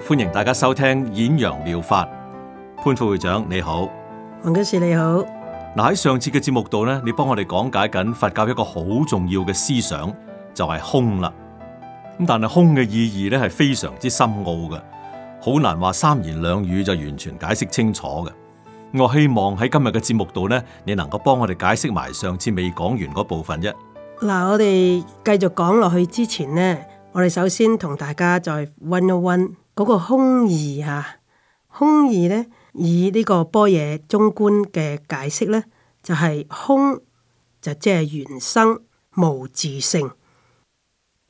歡迎大家收聽《演揚妙法》，潘副會長你好，黃居士你好。嗱，喺上次嘅節目度咧，你幫我哋講解緊佛教一個好重要嘅思想，就係、是、空啦。咁但係空嘅意義咧係非常之深奧嘅，好難話三言兩語就完全解釋清楚嘅。我希望喺今日嘅節目度咧，你能夠幫我哋解釋埋上，上次未講完嗰部分啫。嗱，我哋繼續講落去之前呢，我哋首先同大家再溫一溫。嗰個空義啊，空義呢，以呢個般若中觀嘅解釋呢，就係、是、空就即係緣生無自性，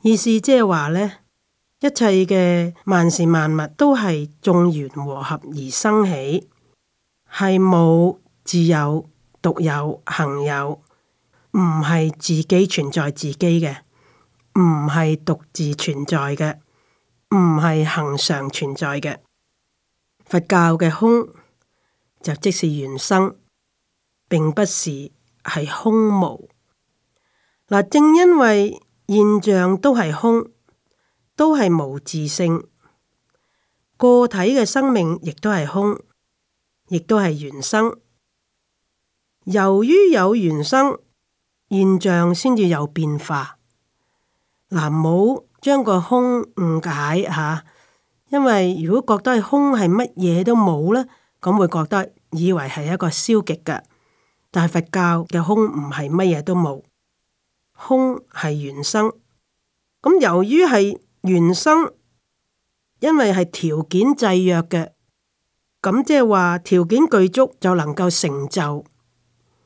意思即係話呢，一切嘅萬事萬物都係眾緣和合而生起，係冇自有獨有行有，唔係自己存在自己嘅，唔係獨自存在嘅。唔係恒常存在嘅。佛教嘅空就即是原生，並不是係空無。嗱，正因為現象都係空，都係無自性，個體嘅生命亦都係空，亦都係原生。由於有原生，現象先至有變化。嗱，冇。將個空誤解吓，因為如果覺得係空係乜嘢都冇呢，咁會覺得以為係一個消極嘅。但係佛教嘅空唔係乜嘢都冇，空係緣生。咁由於係緣生，因為係條件制約嘅，咁即係話條件具足就能夠成就，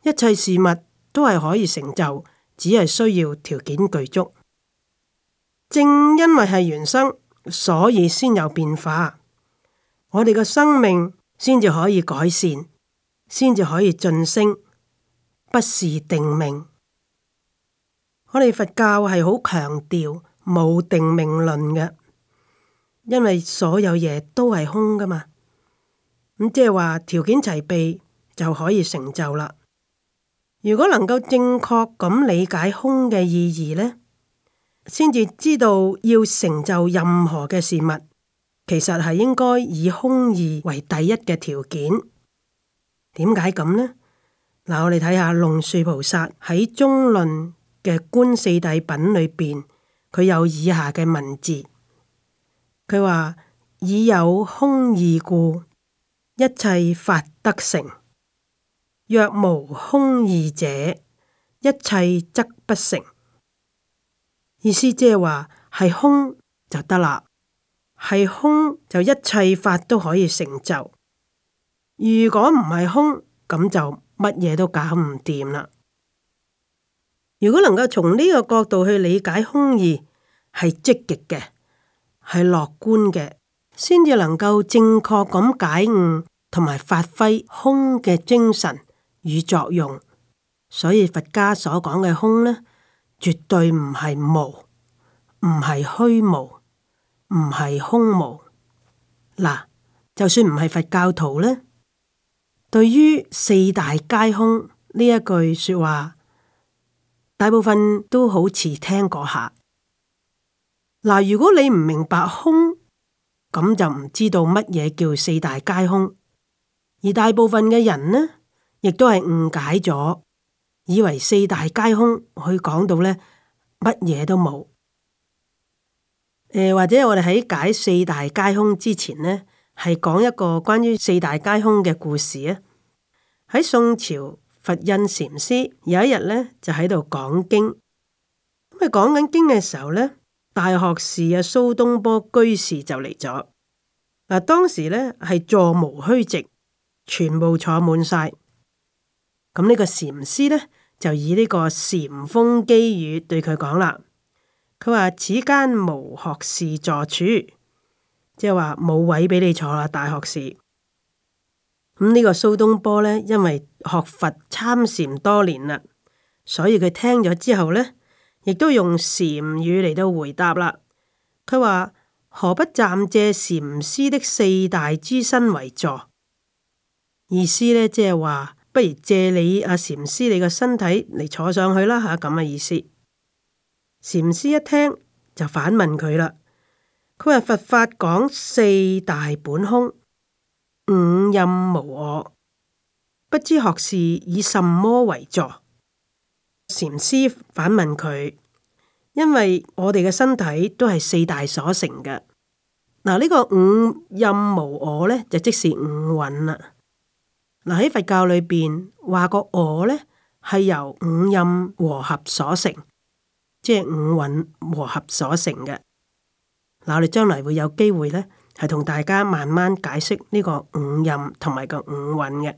一切事物都係可以成就，只係需要條件具足。正因為係原生，所以先有變化。我哋個生命先至可以改善，先至可以晉升，不是定命。我哋佛教係好強調冇定命論嘅，因為所有嘢都係空噶嘛。咁即係話條件齊備就可以成就啦。如果能夠正確咁理解空嘅意義呢。先至知道要成就任何嘅事物，其實係應該以空義為第一嘅條件。點解咁呢？嗱，我哋睇下龍樹菩薩喺中論嘅觀四諦品裏邊，佢有以下嘅文字：佢話以有空義故，一切法得成；若無空義者，一切則不成。意思即係話，係空就得啦，係空就一切法都可以成就。如果唔係空，咁就乜嘢都搞唔掂啦。如果能夠從呢個角度去理解空義，係積極嘅，係樂觀嘅，先至能夠正確咁解悟同埋發揮空嘅精神與作用。所以佛家所講嘅空呢？絕對唔係無，唔係虛無，唔係空無。嗱，就算唔係佛教徒呢，對於四大皆空呢一句說話，大部分都好似聽過下。嗱，如果你唔明白空，咁就唔知道乜嘢叫四大皆空。而大部分嘅人呢，亦都係誤解咗。以為四大皆空，佢講到呢乜嘢都冇。誒、呃，或者我哋喺解四大皆空之前呢，係講一個關於四大皆空嘅故事啊。喺宋朝，佛印禪師有一日呢就喺度講經，咁啊講緊經嘅時候呢，大學士啊蘇東坡居士就嚟咗。嗱，當時呢係座無虛席，全部坐滿晒。咁呢個禪師呢。就以呢個禪風機語對佢講啦。佢話：此間無學士坐處，即係話冇位俾你坐啦，大學士。咁、嗯、呢、呢個蘇東坡呢，因為學佛參禪多年啦，所以佢聽咗之後呢，亦都用禪語嚟到回答啦。佢話：何不暫借禪師的四大之身為座？意思呢，即係話。不如借你阿、啊、禪師你個身體嚟坐上去啦嚇，咁、啊、嘅意思。禪師一聽就反問佢啦，佢話：佛法講四大本空，五陰無我，不知學士以什麼為座？禪師反問佢，因為我哋嘅身體都係四大所成嘅。嗱、啊，呢、這個五陰無我咧，就即是五蘊啦。喺佛教裏邊話個我呢係由五音和合所成，即係五蘊和合所成嘅。嗱，我哋將來會有機會呢，係同大家慢慢解釋呢個五音同埋個五蘊嘅。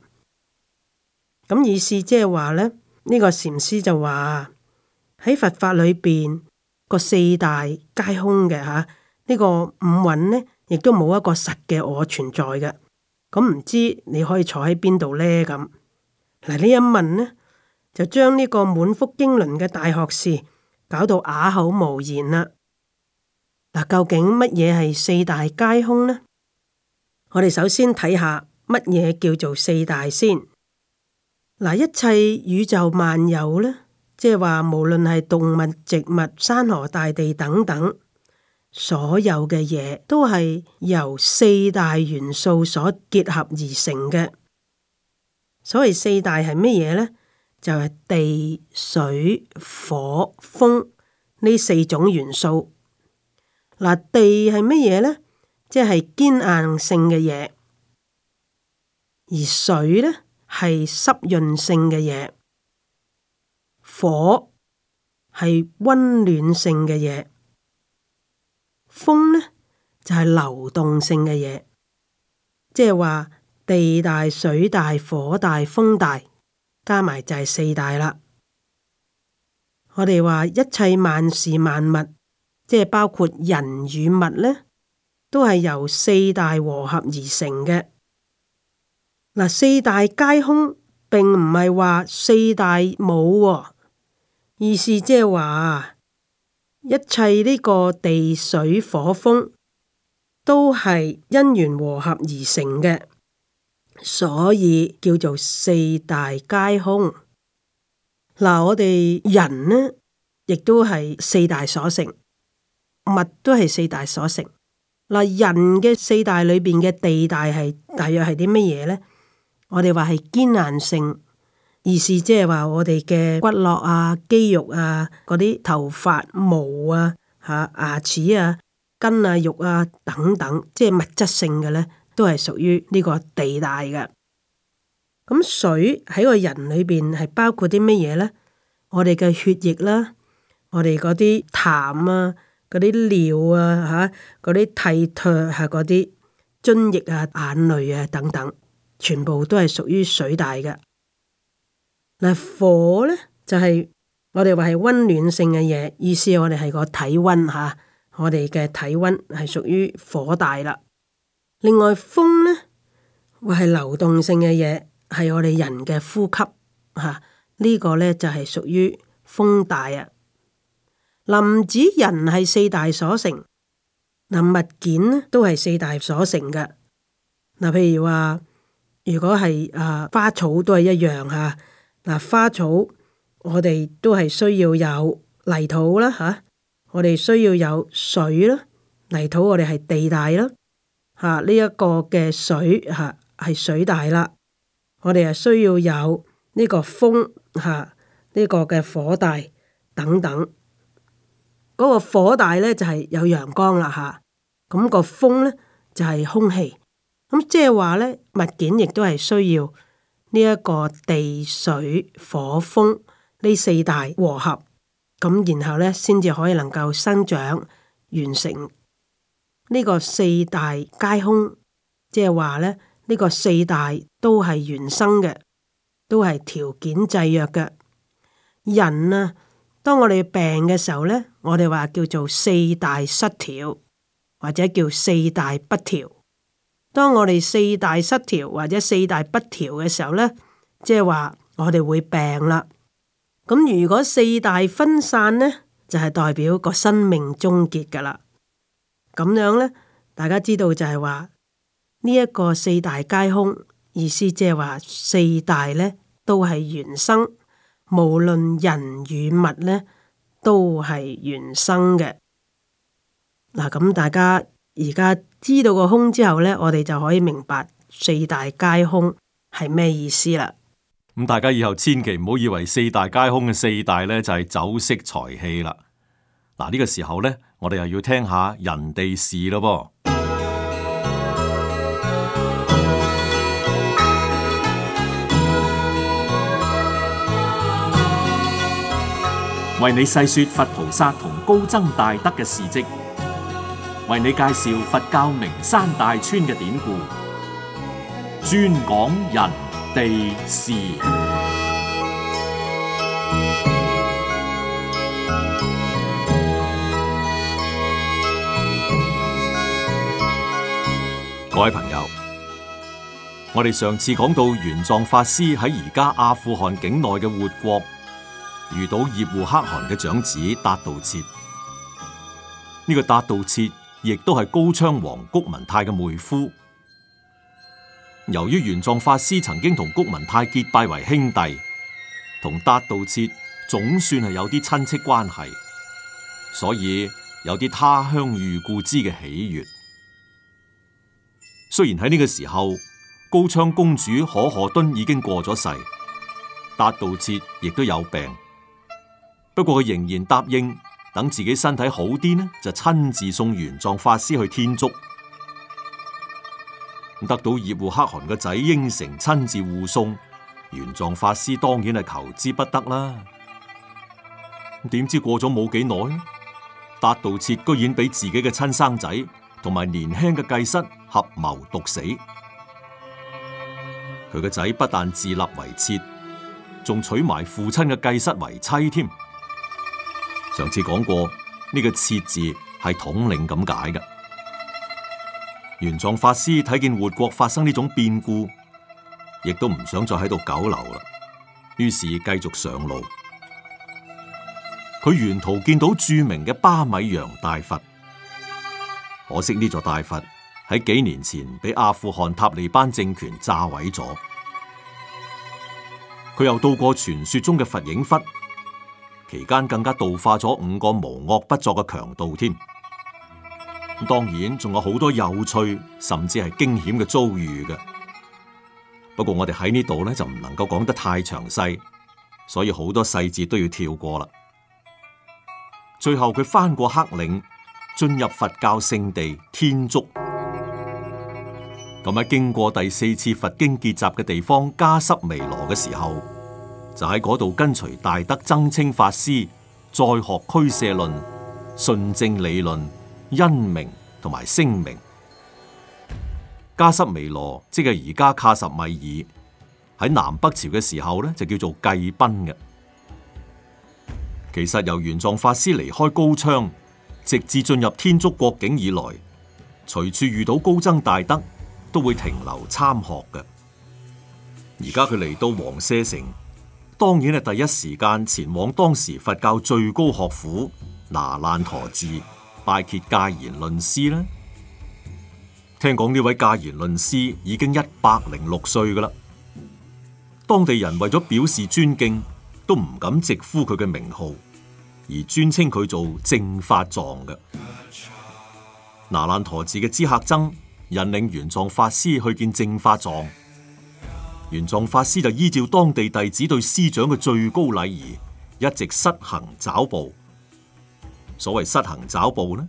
咁意思即係話呢，呢個禪師就話喺佛法裏邊個四大皆空嘅，吓，呢個五蘊呢，亦都冇一個實嘅我存在嘅。咁唔知你可以坐喺邊度呢？咁嗱，呢一問呢，就將呢個滿腹經綸嘅大學士搞到啞口無言啦。嗱，究竟乜嘢係四大皆空呢？我哋首先睇下乜嘢叫做四大先。嗱，一切宇宙萬有呢，即係話無論係動物、植物、山河大地等等。所有嘅嘢都係由四大元素所結合而成嘅。所謂四大係咩嘢呢？就係地、水、火、風呢四種元素。嗱，地係咩嘢呢？即係堅硬性嘅嘢，而水呢，係濕潤性嘅嘢，火係溫暖性嘅嘢。風呢，就係、是、流動性嘅嘢，即係話，地大、水大、火大、風大，加埋就係四大啦。我哋話一切萬事萬物，即係包括人與物呢，都係由四大和合而成嘅。嗱，四大皆空，並唔係話四大冇、喎，意思即係話一切呢個地水火風都係因緣和合而成嘅，所以叫做四大皆空。嗱，我哋人呢，亦都係四大所成，物都係四大所成。嗱，人嘅四大裏邊嘅地大係大約係啲乜嘢呢？我哋話係堅硬性。意思即係話，我哋嘅骨骼啊、肌肉啊、嗰啲頭髮毛啊、嚇牙齒啊、筋啊、啊、肉啊等等，即係物質性嘅呢，都係屬於呢個地大㗎。咁水喺個人裏邊係包括啲乜嘢呢？我哋嘅血液啦、啊，我哋嗰啲痰啊、嗰啲尿啊、嚇嗰啲涕唾啊、嗰啲津液啊、眼淚啊等等，全部都係屬於水大㗎。嗱，火咧就係、是、我哋話係温暖性嘅嘢，意思我哋係個體溫嚇，我哋嘅體溫係屬於火大啦。另外風咧會係流動性嘅嘢，係我哋人嘅呼吸嚇，這個、呢個咧就係屬於風大啊。林指人係四大所成，嗱物件咧都係四大所成嘅。嗱譬如話，如果係啊花草都係一樣嚇。嗱，花草我哋都係需要有泥土啦嚇，我哋需要有水啦，泥土我哋係地大啦，嚇呢一個嘅水嚇係水大啦，我哋係需要有呢個風嚇呢個嘅火大等等，嗰個火大咧就係有陽光啦嚇，咁個風咧就係空氣，咁即係話咧物件亦都係需要。呢一個地水火風呢四大和合咁，然後呢，先至可以能夠生長完成呢、呢個四大皆空，即係話呢，呢、呢個四大都係原生嘅，都係條件制約嘅人啊。當我哋病嘅時候呢，我哋話叫做四大失調，或者叫四大不調。當我哋四大失調或者四大不調嘅時候呢，即係話我哋會病啦。咁如果四大分散呢，就係代表個生命終結噶啦。咁樣呢，大家知道就係話呢一個四大皆空，意思即係話四大呢都係原生，無論人與物呢都係原生嘅。嗱，咁大家而家。知道個空之後呢，我哋就可以明白四大皆空係咩意思啦。咁大家以後千祈唔好以為四大皆空嘅四大呢就係酒色財氣啦。嗱，呢個時候呢，我哋又要聽下人哋事咯噃。為你細說佛菩薩同高僧大德嘅事蹟。為你介紹佛教名山大川嘅典故，專講人地事。各位朋友，我哋上次講到玄奘法師喺而家阿富汗境內嘅活國，遇到葉護可汗嘅長子達道切。呢、這個達道切。亦都係高昌王谷文泰嘅妹夫。由於玄奘法師曾經同谷文泰結拜為兄弟，同達道切總算係有啲親戚關係，所以有啲他鄉遇故知嘅喜悅。雖然喺呢個時候，高昌公主可可敦已經過咗世，達道切亦都有病，不過佢仍然答應。等自己身體好啲呢，就親自送玄奘法師去天竺。得到葉護可汗嘅仔應承親自護送玄奘法師，當然係求之不得啦。點知過咗冇幾耐，達道徹居然俾自己嘅親生仔同埋年輕嘅繼室合謀毒死。佢個仔不但自立為徹，仲娶埋父親嘅繼室為妻添。上次講過呢，這個“設”字係統領咁解嘅。玄奘法師睇見活國發生呢種變故，亦都唔想再喺度久留啦，於是繼續上路。佢沿途見到著名嘅巴米揚大佛，可惜呢座大佛喺幾年前俾阿富汗塔利班政權炸毀咗。佢又到過傳說中嘅佛影窟。期間更加度化咗五個無惡不作嘅強盜添，咁當然仲有好多有趣甚至係驚險嘅遭遇嘅。不過我哋喺呢度咧就唔能夠講得太詳細，所以好多細節都要跳過啦。最後佢翻過黑嶺，進入佛教聖地天竺，咁喺經過第四次佛經結集嘅地方加濕彌羅嘅時候，就喺嗰度跟隨大德增清法師再學俱舍論、順正理論、因明同埋聲明。加濕彌羅即係而家卡什米爾，喺南北朝嘅時候呢，就叫做罽賓嘅。其實由玄奘法師離開高昌，直至進入天竺國境以來，隨處遇到高僧大德，都會停留參學嘅。而家佢嚟到王舍城。當然係，第一時間前往當時佛教最高學府那爛陀寺拜謁戒賢論師啦。聽講呢位戒賢論師已經一百零六歲噶啦，當地人為咗表示尊敬，都唔敢直呼佢嘅名號，而專稱佢做正法藏嘅。那爛陀寺嘅知客僧引領玄奘法師去見正法藏。玄奘法師就依照當地弟子對師長嘅最高禮儀，一直失行找步。所謂失行找步呢，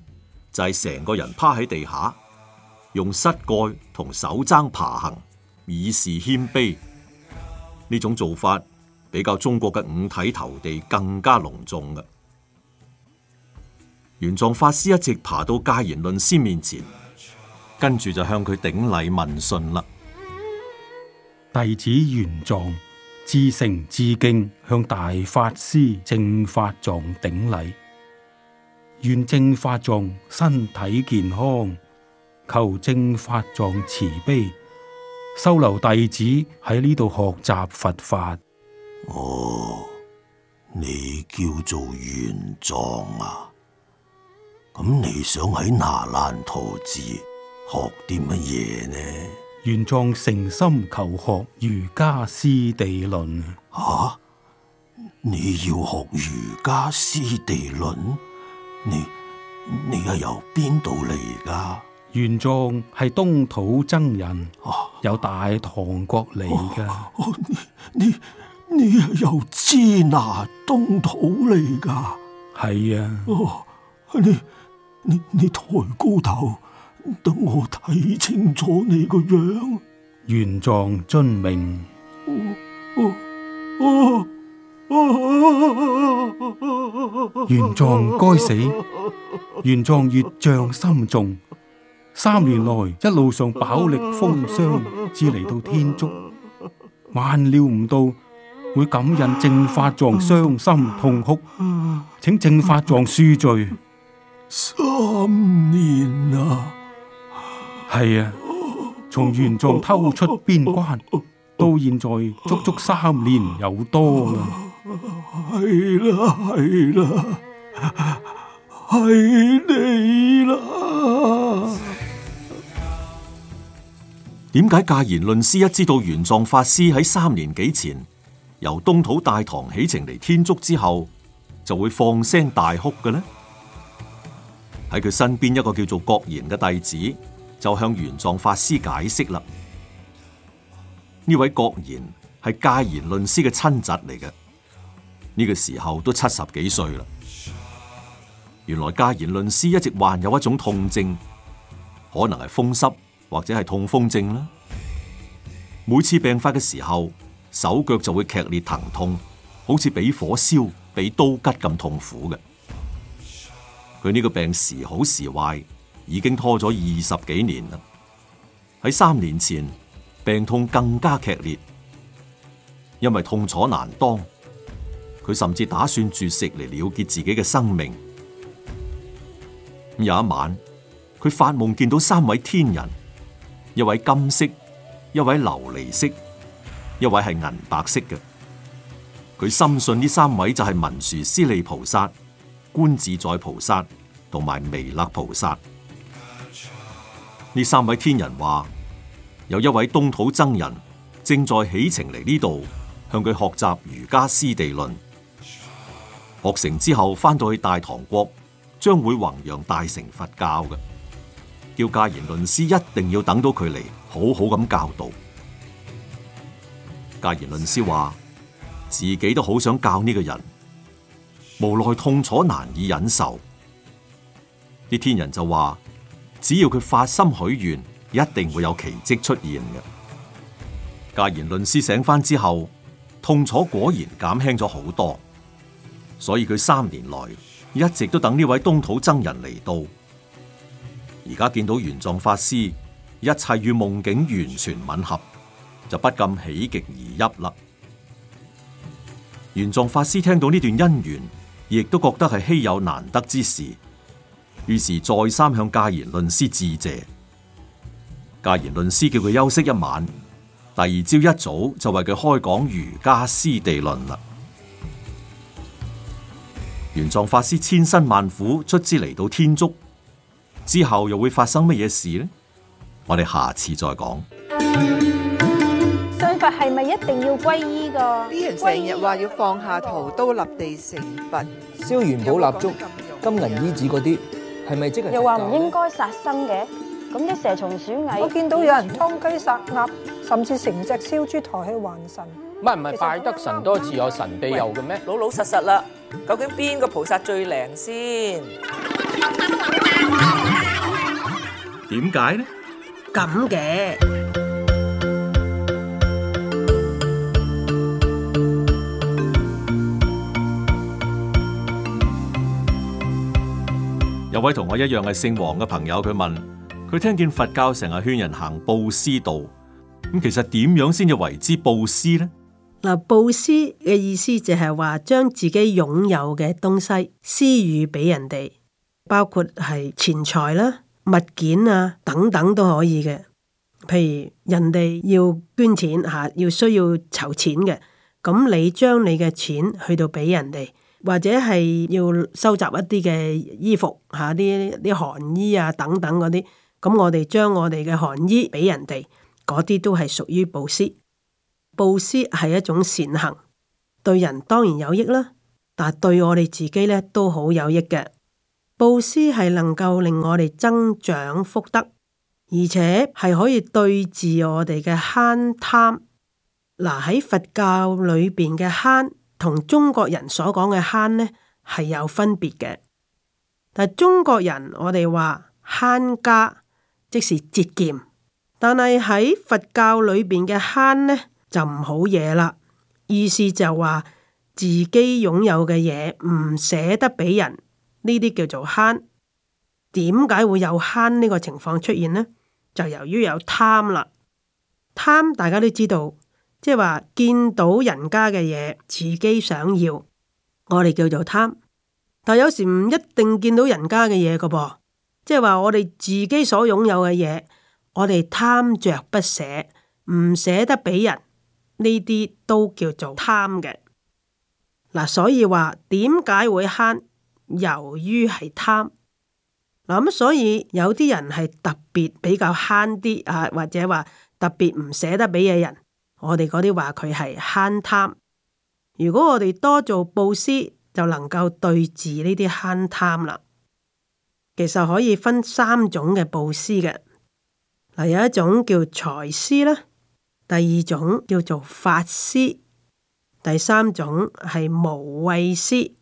就係、是、成個人趴喺地下，用膝蓋同手踭爬行，以示謙卑。呢種做法比較中國嘅五體投地更加隆重嘅。玄奘法師一直爬到戒賢論師面前，跟住就向佢頂禮問訊啦。弟子玄奘，至誠至敬向大法師正法藏頂禮，願正法藏身體健康，求正法藏慈悲收留弟子喺呢度學習佛法。哦，你叫做玄奘啊？咁你想喺那爛陀寺學啲乜嘢呢？玄奘誠心求學瑜伽師地論啊！你要學瑜伽師地論？你你係由邊度嚟㗎？玄奘係東土僧人，啊、由大唐國嚟㗎。你你你係由支那東土嚟㗎？係啊！你你你抬，啊啊、高頭！等我睇清楚你個樣。玄奘遵命。玄奘該死，玄奘越想心重。三年來一路上飽歷風霜，至嚟到天竺，萬料唔到會感染正法藏，傷心痛哭，請正法藏恕罪。三年啊！係啊，從玄奘偷出邊關到現在足足三年有多啦。係啦、 啊，係啦、啊，係你啦。點解戒賢論師一知道玄奘法師喺三年幾前由東土大唐起程嚟天竺之後，就會放聲大哭嘅呢？喺佢身邊一個叫做覺賢嘅弟子，就向玄奘法師解釋啦。呢位覺賢係戒賢論師嘅親侄嚟嘅，呢、這個時候都七十幾歲啦。原來戒賢論師一直患有一種痛症，可能係風濕或者係痛風症啦。每次病發嘅時候，手腳就會劇烈疼痛，好似畀火燒、畀刀割咁痛苦嘅。佢呢個病時好時壞。已經拖咗二十幾年啦！喺三年前，病痛更加劇烈，因為痛楚難當，佢甚至打算絕食嚟了結自己嘅生命。有一晚，佢發夢見到三位天人，一位金色，一位琉璃色，一位係銀白色嘅。佢深信呢三位就係文殊師利菩薩、觀自在菩薩同埋彌勒菩薩。呢三位天人話：有一位東土僧人正在起程嚟呢度，向佢學習瑜伽師地論。學成之後翻到去大唐國，將會弘揚大乘佛教嘅，叫戒賢論師一定要等到佢嚟，好好咁教導。戒賢論師話：自己都好想教呢個人，無奈痛楚難以忍受。啲天人就話，只要佢發心許願，一定會有奇蹟出現嘅。戒賢論師醒翻之後，痛楚果然減輕咗好多，所以佢三年來一直都等呢位東土僧人嚟到。而家見到玄奘法師，一切與夢境完全吻合，就不禁喜極而泣啦。玄奘法師聽到呢段姻緣，亦都覺得係稀有難得之事。於是再三向戒賢論師致謝，戒賢論師叫佢休息一晚，第二朝一早就為佢開講瑜伽師地論啦。玄奘法師千辛萬苦出資嚟到天竺，之後又會發生乜嘢事呢？我哋下次再講。信佛係咪一定要皈依噶？啲人成日話要放下屠刀立地成佛，燒元寶蠟燭、金銀衣紙嗰啲。又話唔應該殺生嘅，咁啲蛇蟲鼠蟻，我見到有人劏雞殺鴨，甚至成隻燒豬抬去還神。唔係唔係，拜得神多自有神庇佑嘅咩？老老實實啦，究竟邊個菩薩最靈先？點解呢？咁嘅。位同我一樣係姓黃嘅朋友，佢問，佢聽見佛教成日勸人行布施道，咁其實點樣先至為之布施呢？嗱，布施嘅意思就係話將自己擁有嘅東西施予俾人哋，包括係錢財啦、物件啊等等都可以嘅。譬如人哋要捐錢吓，要需要籌錢嘅，咁你將你嘅錢去到俾人哋。或者係要收集一啲嘅衣服，嚇啲啲寒衣啊等等嗰啲，咁我哋將我哋嘅寒衣俾人哋，嗰啲都係屬於布施。布施係一種善行，對人當然有益啦，但係對我哋自己呢都好有益嘅。布施係能夠令我哋增長福德，而且係可以對治我哋嘅慳貪。嗱，啊，喺佛教裏邊嘅慳，同中國人所講嘅慳呢係有分別嘅，但中國人我哋話慳家即是節儉，但係喺佛教裏邊嘅慳呢就唔好嘢啦。意思就話自己擁有嘅嘢唔捨得俾人，呢啲叫做慳。點解會有慳呢個情況出現呢？就由於有貪啦，貪大家都知道。即係話見到人家嘅嘢，自己想要，我哋叫做貪。但有時唔一定見到人家嘅嘢噶噃即係話我哋自己所擁有嘅嘢，我哋貪着不捨，唔捨得俾人，呢啲都叫做貪嘅。嗱、啊，所以話點解會慳？由於係貪。嗱、啊、咁，所以有啲人係特別比較慳啲啊，或者話特別唔捨得俾嘅人。我哋嗰啲話佢係慳貪，如果我哋多做布施就能夠對治呢啲慳貪啦。其實可以分三種嘅布施嘅，嗱，有一種叫財施啦，第二種叫做法施，第三種係無畏施。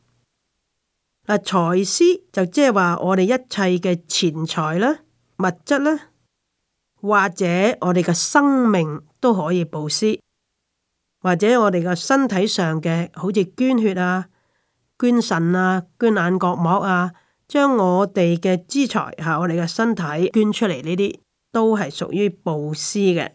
嗱，財施就即係話我哋一切嘅錢財啦、物質啦，或者我哋嘅生命。都可以布施，或者我哋嘅身體上嘅，好似捐血啊、捐腎啊、捐眼角膜啊，將我哋嘅資財吓我哋嘅身體捐出嚟，呢啲都係屬於布施嘅。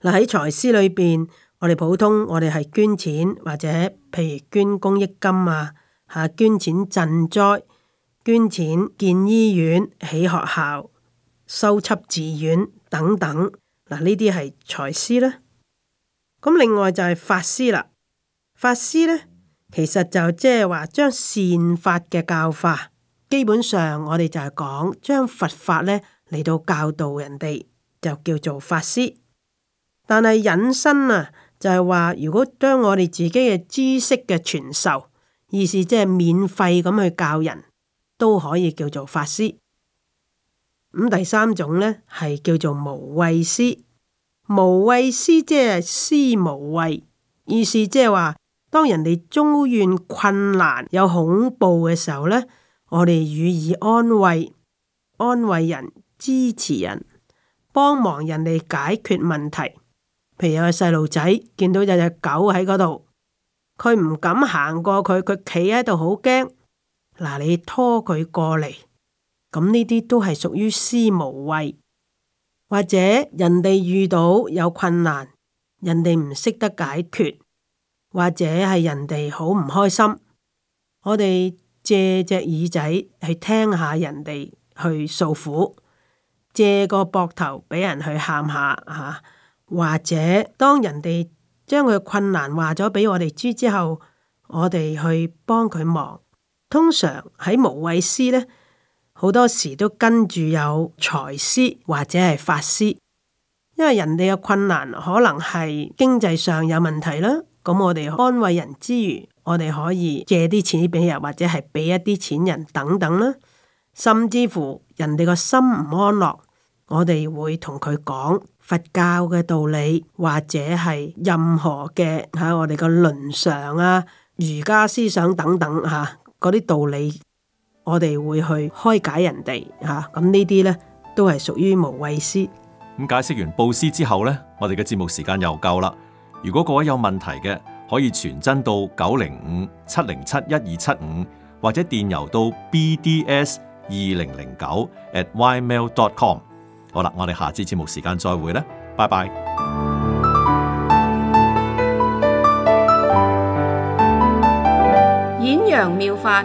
嗱喺財施裏邊，我哋普通我哋係捐錢，或者譬如捐公益金啊，吓捐錢賑災、捐錢建醫院、起學校、修葺寺院等等。嗱，呢啲係財施啦。咁另外就係法施啦。法施呢，其實就即係話將善法嘅教化，基本上我哋就係講將佛法呢嚟到教導人哋，就叫做法施。但係引申啊，就係話如果將我哋自己嘅知識嘅傳授，意思即係免費咁去教人，都可以叫做法施。咁第三種呢，係叫做無畏施，無畏施即係施無畏，意思即係話當人哋遭遇困難、有恐怖嘅時候呢，我哋予以安慰、安慰人、支持人、幫忙人哋解決問題。譬如有個細路仔見到有隻狗喺嗰度，佢唔敢行過佢，佢企喺度好驚。嗱，你拖佢過嚟。咁呢啲都係屬於施無畏，或者人哋遇到有困難，人哋唔識得解決，或者係人哋好唔開心，我哋借隻耳仔去聽下人哋去訴苦，借個膊頭俾人去喊下嚇、啊，或者當人哋將佢困難話咗俾我哋知之後，我哋去幫佢忙。通常喺無畏施呢，好多時都跟住有財施或者係法施，因為人哋嘅困難可能係經濟上有問題啦，咁我哋安慰人之餘，我哋可以借啲錢俾人或者係俾一啲錢人等等啦，甚至乎人哋個心唔安樂，我哋會同佢講佛教嘅道理，或者係任何嘅吓我哋個倫常啊、儒家思想等等吓嗰啲道理。我哋會去開解人哋吓，咁、啊嗯、呢啲呢都係屬於無畏施。咁解釋完布施之後呢，我哋嘅節目時間又夠啦。如果各位有問題嘅，可以傳真到九零五七零七一二七五，75, 或者電郵到 bds 二零零九 @ymail.com。好啦，我哋下次節目時間再會啦，拜拜。演揚妙法。